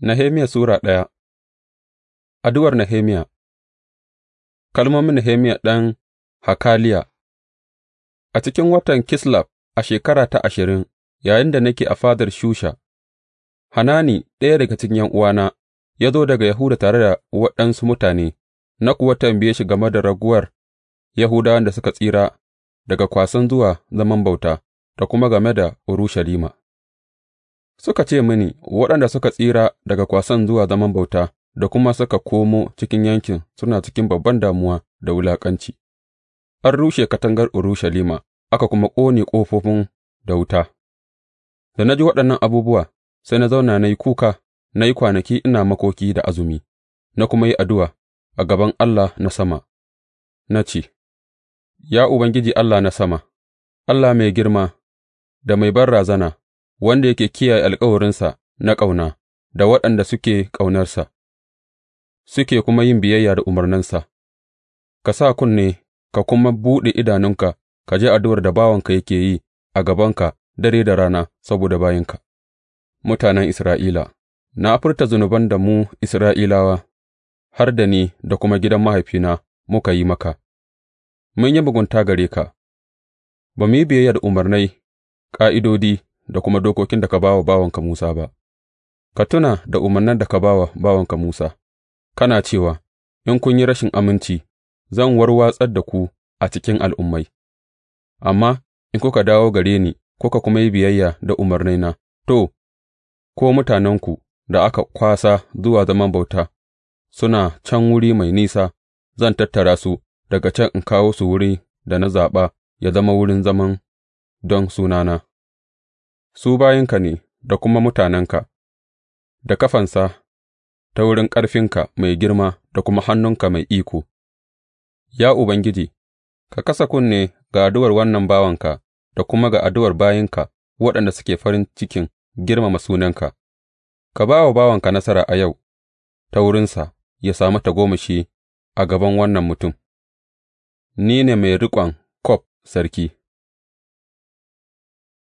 Nehemiya Sura ɗaya Addu'ar Nehemiya Kalmomin Nehemiya ɗan Hakaliya A cikin watan Kislab a shekara ta ashirin, yayin da nake a fadar Shusha, Hanani, ɗaya daga cikin ’yan'uwana, ya zo daga Yahuda tare da waɗansu mutane, na kuwa tambaye shi game da raguwar Yahudawan da suka tsira daga kwasan zuwa zaman bauta da kuma game da Urushalima. Suka ce mini, Waɗanda suka tsira daga kwasan zuwa zaman bauta da kuma suka komo cikin yankin suna cikin babban damuwa da wulaƙanci, an rushe katangar Urushalima aka kuma ƙone ƙofofin da wuta. Da na ji waɗannan abubuwa, sai na zauna na yi kuka, na yi kwanaki ina makoki da azumi, na kuma yi addu'a a gaban Allah na sama, na ce, Ya Ubangiji Allah na sama, Allah mai girma da mai razana wanda yake kiyaye alkawarinsa na ƙauna da waɗanda suke ƙaunarsa, suke kuma yin biyayya da umarnansa, ka sa kunne ka kuma buɗe idanunka ka ji addu'ar da bawanka yake yi a gabanka dare da rana saboda bayinka, mutanen Isra'ila, na furta zunuban da mu Isra'ilawa, har da ni da kuma gidan mahaifina muka yi maka, mun yi mugunta gare ka, ba mu yi biyayya da umarnai, ƙa'idodi da kuma dokokin da ka ba wa bawanka Musa ba, ka tuna da umarnan da ka ba wa bawanka Musa, kana cewa, In kun yi rashin aminci, zan warwatsar da ku a cikin al'ummai, amma in kuka dawo gare ni kuka kuma yi biyayya da umarnaina, to, ko mutanenku da aka kwasa zuwa zaman bauta suna can wuri mai nisa, zan tattara su daga can in kawo su wuri da na zaɓa ya zama wurin zaman don sunana. su bayinka ne da kuma mutanenka, da kafansa fansa ta wurin ƙarfinka mai girma da kuma hannunka mai iko, ya Ubangiji, ka kasa kunne ga addu'ar wannan bawanka da kuma ga addu'ar bayinka waɗanda suke farin cikin girmama sunanka, ka ba wa bawanka nasara a yau, ta wurinsa ya sami tagomashi a gaban wannan mutum, ni ne mai riƙon kwaf sarki.